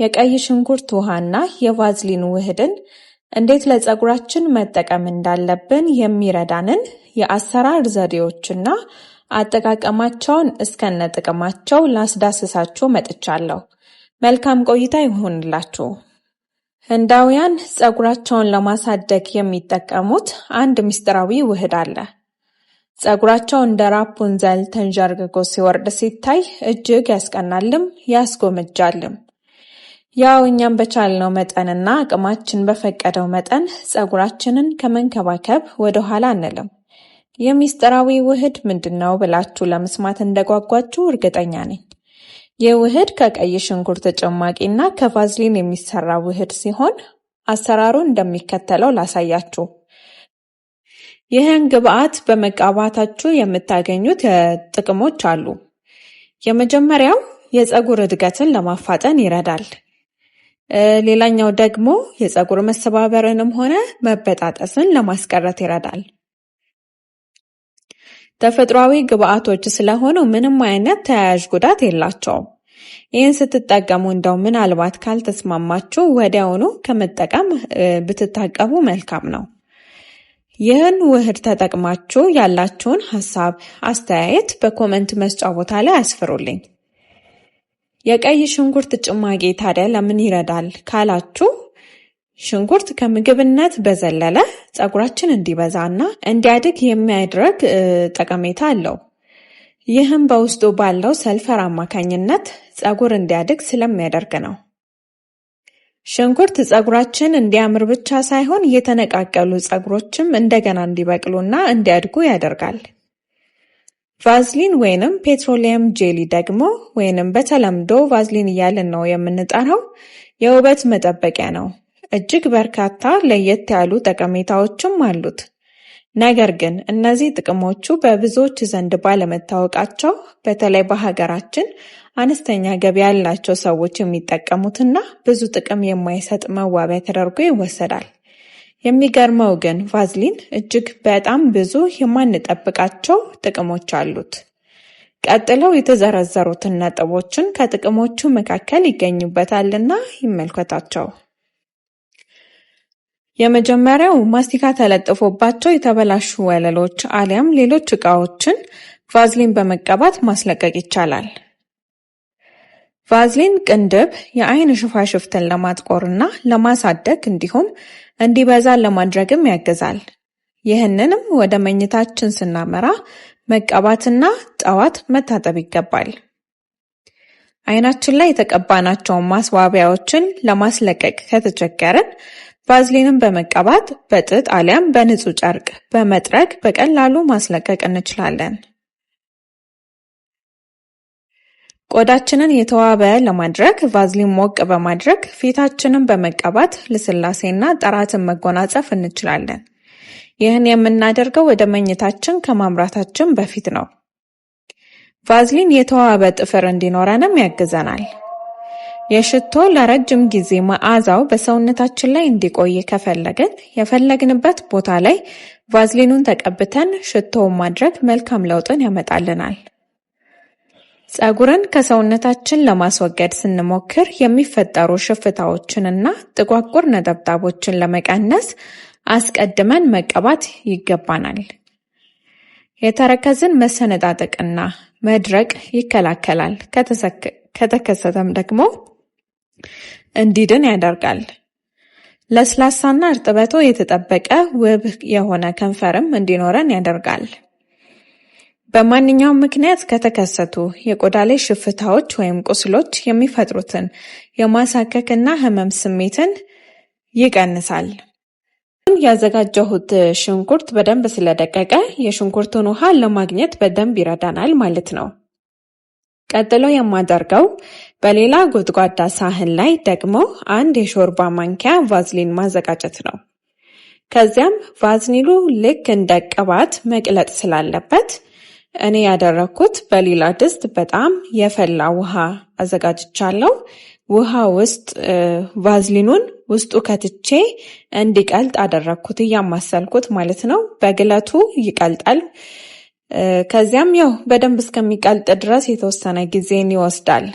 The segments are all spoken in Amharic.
የቀይ ሽንኩርት ውሃና የቫዝሊን ውህድን እንዴት ለፀጉራችን መጠቀም እንዳለብን የሚረዳንን የአሰራር ዘዴዎችና አጠቃቀማቸውን እስከነ ጥቅማቸው ላስዳስሳችሁ መጥቻለሁ። መልካም ቆይታ ይሁንላችሁ። ህንዳውያን ፀጉራቸውን ለማሳደግ የሚጠቀሙት አንድ ምስጢራዊ ውህድ አለ። ፀጉራቸው እንደ ራፑንዘል ተንዠርግጎ ሲወርድ ሲታይ እጅግ ያስቀናልም ያስጎመጃልም። ያው እኛም በቻልነው መጠንና አቅማችን በፈቀደው መጠን ፀጉራችንን ከመንከባከብ ወደኋላ አንልም። የሚስጥራዊ ውህድ ምንድን ነው ብላችሁ ለመስማት እንደጓጓችሁ እርግጠኛ ነኝ። ይህ ውህድ ከቀይ ሽንኩርት ጭማቂና ከቫዝሊን የሚሰራ ውህድ ሲሆን አሰራሩ እንደሚከተለው ላሳያችሁ። ይህን ግብአት በመቃባታችሁ የምታገኙት ጥቅሞች አሉ። የመጀመሪያው የፀጉር እድገትን ለማፋጠን ይረዳል። ሌላኛው ደግሞ የፀጉር መሰባበርንም ሆነ መበጣጠስን ለማስቀረት ይረዳል። ተፈጥሯዊ ግብአቶች ስለሆኑ ምንም አይነት ተያያዥ ጉዳት የላቸውም። ይህን ስትጠቀሙ እንደው ምናልባት ካልተስማማችሁ ወዲያውኑ ከመጠቀም ብትታቀቡ መልካም ነው። ይህን ውህድ ተጠቅማችሁ ያላችሁን ሀሳብ፣ አስተያየት በኮመንት መስጫ ቦታ ላይ አስፍሩልኝ። የቀይ ሽንኩርት ጭማቂ ታዲያ ለምን ይረዳል ካላችሁ ሽንኩርት ከምግብነት በዘለለ ፀጉራችን እንዲበዛ እና እንዲያድግ የሚያድረግ ጠቀሜታ አለው። ይህም በውስጡ ባለው ሰልፈር አማካኝነት ፀጉር እንዲያድግ ስለሚያደርግ ነው። ሽንኩርት ጸጉራችን እንዲያምር ብቻ ሳይሆን የተነቃቀሉ ፀጉሮችም እንደገና እንዲበቅሉና እንዲያድጉ ያደርጋል። ቫዝሊን ወይንም ፔትሮሊየም ጄሊ ደግሞ ወይንም በተለምዶ ቫዝሊን እያልን ነው የምንጠራው የውበት መጠበቂያ ነው። እጅግ በርካታ ለየት ያሉ ጠቀሜታዎችም አሉት። ነገር ግን እነዚህ ጥቅሞቹ በብዙዎች ዘንድ ባለመታወቃቸው በተለይ በሀገራችን አነስተኛ ገቢ ያላቸው ሰዎች የሚጠቀሙትና ብዙ ጥቅም የማይሰጥ መዋቢያ ተደርጎ ይወሰዳል። የሚገርመው ግን ቫዝሊን እጅግ በጣም ብዙ የማንጠብቃቸው ጥቅሞች አሉት። ቀጥለው የተዘረዘሩትን ነጥቦችን ከጥቅሞቹ መካከል ይገኙበታልና ይመልከታቸው። የመጀመሪያው ማስቲካ ተለጥፎባቸው የተበላሹ ወለሎች አሊያም ሌሎች እቃዎችን ቫዝሊን በመቀባት ማስለቀቅ ይቻላል። ቫዝሊን ቅንድብ፣ የአይን ሽፋሽፍትን ለማጥቆር እና ለማሳደግ እንዲሁም እንዲበዛ ለማድረግም ያግዛል። ይህንንም ወደ መኝታችን ስናመራ መቀባትና ጠዋት መታጠብ ይገባል። አይናችን ላይ የተቀባናቸውን ማስዋቢያዎችን ለማስለቀቅ ከተቸገርን ቫዝሊንን በመቀባት በጥጥ አሊያም በንጹህ ጨርቅ በመጥረግ በቀላሉ ማስለቀቅ እንችላለን። ቆዳችንን የተዋበ ለማድረግ ቫዝሊን ሞቅ በማድረግ ፊታችንን በመቀባት ልስላሴና ጥራትን መጎናጸፍ እንችላለን። ይህን የምናደርገው ወደ መኝታችን ከማምራታችን በፊት ነው። ቫዝሊን የተዋበ ጥፍር እንዲኖረንም ያግዘናል። የሽቶ ለረጅም ጊዜ መዓዛው በሰውነታችን ላይ እንዲቆይ ከፈለግን የፈለግንበት ቦታ ላይ ቫዝሊኑን ተቀብተን ሽቶውን ማድረግ መልካም ለውጥን ያመጣልናል። ፀጉርን ከሰውነታችን ለማስወገድ ስንሞክር የሚፈጠሩ ሽፍታዎችንና ጥቋቁር ነጠብጣቦችን ለመቀነስ አስቀድመን መቀባት ይገባናል። የተረከዝን መሰነጣጠቅና መድረቅ ይከላከላል። ከተከሰተም ደግሞ እንዲድን ያደርጋል። ለስላሳና እርጥበቱ የተጠበቀ ውብ የሆነ ከንፈርም እንዲኖረን ያደርጋል። በማንኛውም ምክንያት ከተከሰቱ የቆዳ ላይ ሽፍታዎች ወይም ቁስሎች የሚፈጥሩትን የማሳከክ እና ህመም ስሜትን ይቀንሳል። ያዘጋጀሁት ሽንኩርት በደንብ ስለደቀቀ የሽንኩርቱን ውሃ ለማግኘት በደንብ ይረዳናል ማለት ነው። ቀጥሎ የማደርገው በሌላ ጎድጓዳ ሳህን ላይ ደግሞ አንድ የሾርባ ማንኪያ ቫዝሊን ማዘጋጀት ነው። ከዚያም ቫዝሊኑ ልክ እንደ ቅባት መቅለጥ ስላለበት እኔ ያደረኩት በሌላ ድስት በጣም የፈላ ውሃ አዘጋጅቻለሁ። ውሃ ውስጥ ቫዝሊኑን ውስጡ ከትቼ እንዲቀልጥ አደረግኩት፣ እያማሰልኩት ማለት ነው። በግለቱ ይቀልጣል። ከዚያም ያው በደንብ እስከሚቀልጥ ድረስ የተወሰነ ጊዜን ይወስዳል።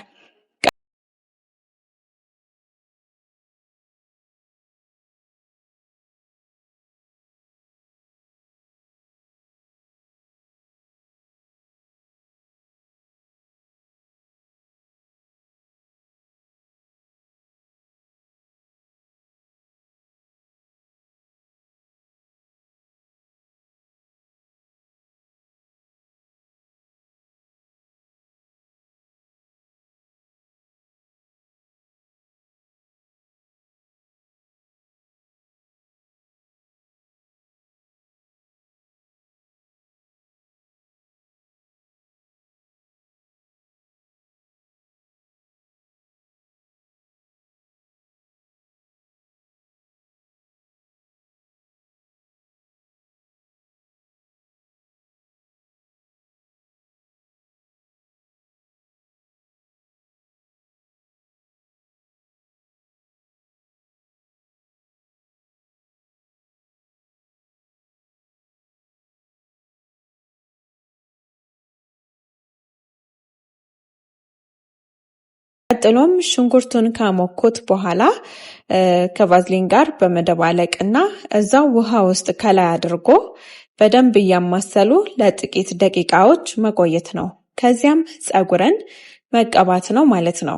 ቀጥሎም ሽንኩርቱን ከሞኩት በኋላ ከቫዝሊን ጋር በመደባለቅ እና እዛው ውሃ ውስጥ ከላይ አድርጎ በደንብ እያማሰሉ ለጥቂት ደቂቃዎች መቆየት ነው። ከዚያም ፀጉርን መቀባት ነው ማለት ነው።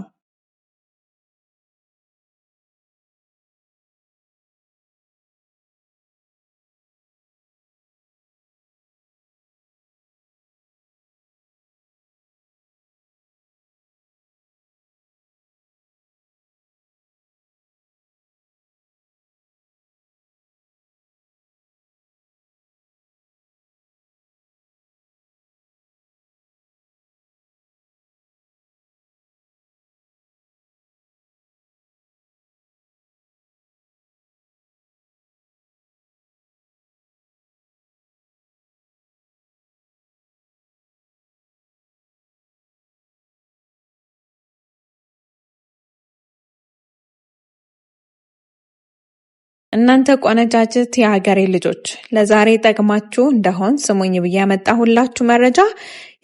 እናንተ ቆነጃጅት የሀገሬ ልጆች ለዛሬ ጠቅማችሁ እንደሆን ስሙኝ ብዬ ያመጣሁላችሁ መረጃ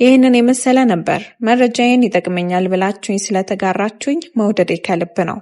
ይህንን የመሰለ ነበር። መረጃዬን ይጠቅመኛል ብላችሁኝ ስለተጋራችሁኝ መውደዴ ከልብ ነው።